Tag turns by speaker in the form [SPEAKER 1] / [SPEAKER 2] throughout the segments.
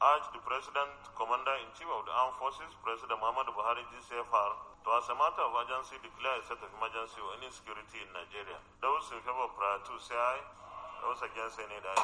[SPEAKER 1] urged the President, Commander-in-Chief of the Armed Forces, President Muhammad Buhari GCFR, to as a matter of urgency declare a state of emergency or security in Nigeria. Those in favor prior to say aye, those against any die.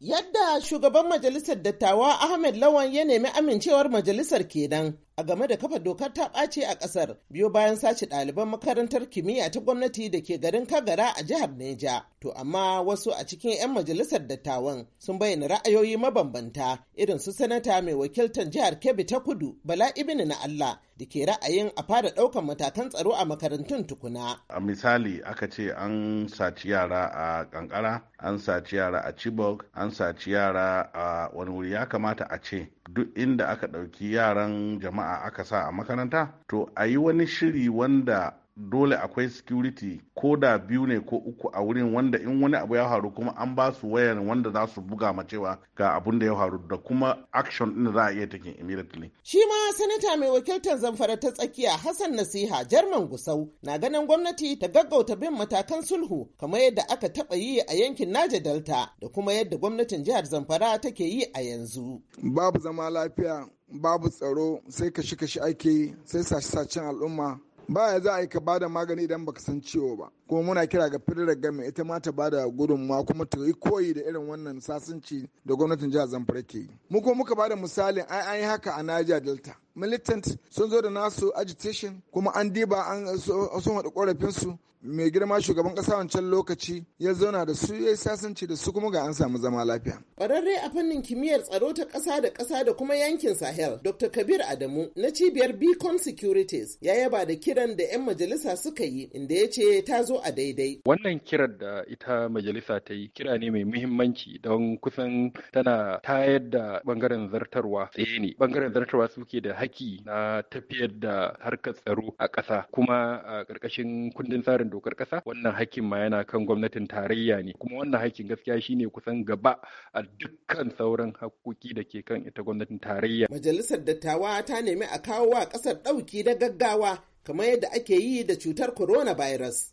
[SPEAKER 2] Yadda shugaban majalisar dattawa Ahmed Lawan ya nemi amincewar majalisar kenan a game da kafa dokar ta ɓace a ƙasar biyo bayan sace ɗaliban makarantar kimiyya ta gwamnati da ke garin Kagara a jihar Neja. To amma wasu a cikin 'yan majalisar dattawan sun bayyana ra'ayoyi mabambanta irin su sanata mai wakiltar jihar Kebbi ta Kudu Bala Ibini na Allah da ke ra'ayin a fara ɗaukar matakan tsaro a makarantun tukuna.
[SPEAKER 1] A misali aka ce an saci yara a kankara, an saci yara a Chibok, an saci yara a wani wuri ya kamata a ce duk inda aka ɗauki yaran jama'a sana'a aka sa a makaranta to a yi wani shiri wanda dole akwai security ko da biyu ne ko uku a wurin wanda in wani abu ya faru kuma an ba su wayar wanda za su buga ma cewa ga abun da ya faru da kuma action din za a iya take immediately.
[SPEAKER 2] Shi ma sanata mai wakiltar zamfara ta tsakiya Hassan Nasiha Jarman Gusau na ganin gwamnati ta gaggauta bin matakan sulhu kamar yadda aka taba yi a yankin Naja Delta da kuma yadda gwamnatin jihar Zamfara take yi a yanzu. Babu zama lafiya babu tsaro sai kashi kashi ake yi sai sace-sacen
[SPEAKER 3] al'umma ba ya za a yi ka ba da magani idan baka san cewa ba kuma muna kira ga firar game ita ma ta bada gudunmawa kuma ta yi koyi da irin wannan sasanci da gwamnatin jihar zamfara ke yi mu kuma muka ba da misalin ai an yi haka a niger delta militant sun zo da nasu agitation kuma an diba an eh, eh, sun haɗu ƙorafinsu mai girma shugaban ƙasa wancan lokaci ya
[SPEAKER 2] zauna da su ya sasanci da su kuma ga an samu zama lafiya. Ƙwararre a fannin kimiyyar tsaro ta ƙasa da ƙasa da kuma yankin Sahel, Dr. Kabir Adamu na cibiyar Beacon Securities ya yaba da kiran da 'yan majalisa suka yi inda ya ce ta zo a daidai.
[SPEAKER 4] Wannan kiran da ita majalisa ta yi kira ne mai muhimmanci don kusan tana tayar da bangaren zartarwa tsaye ne. Bangaren zartarwa suke da haƙƙi na tafiyar da harkar tsaro a ƙasa kuma a ƙarƙashin kundin tsarin dokar ƙasa wannan haƙƙin ma yana kan gwamnatin tarayya ne kuma wannan haƙƙin gaskiya shine kusan gaba a dukkan sauran hakkoki da ke kan ita gwamnatin tarayya.
[SPEAKER 2] Majalisar dattawa ta nemi a kawo wa ƙasar ɗauki da gaggawa kamar yadda ake yi da cutar coronavirus.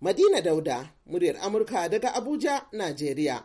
[SPEAKER 2] Madina Dauda, muryar Amurka daga Abuja, Najeriya.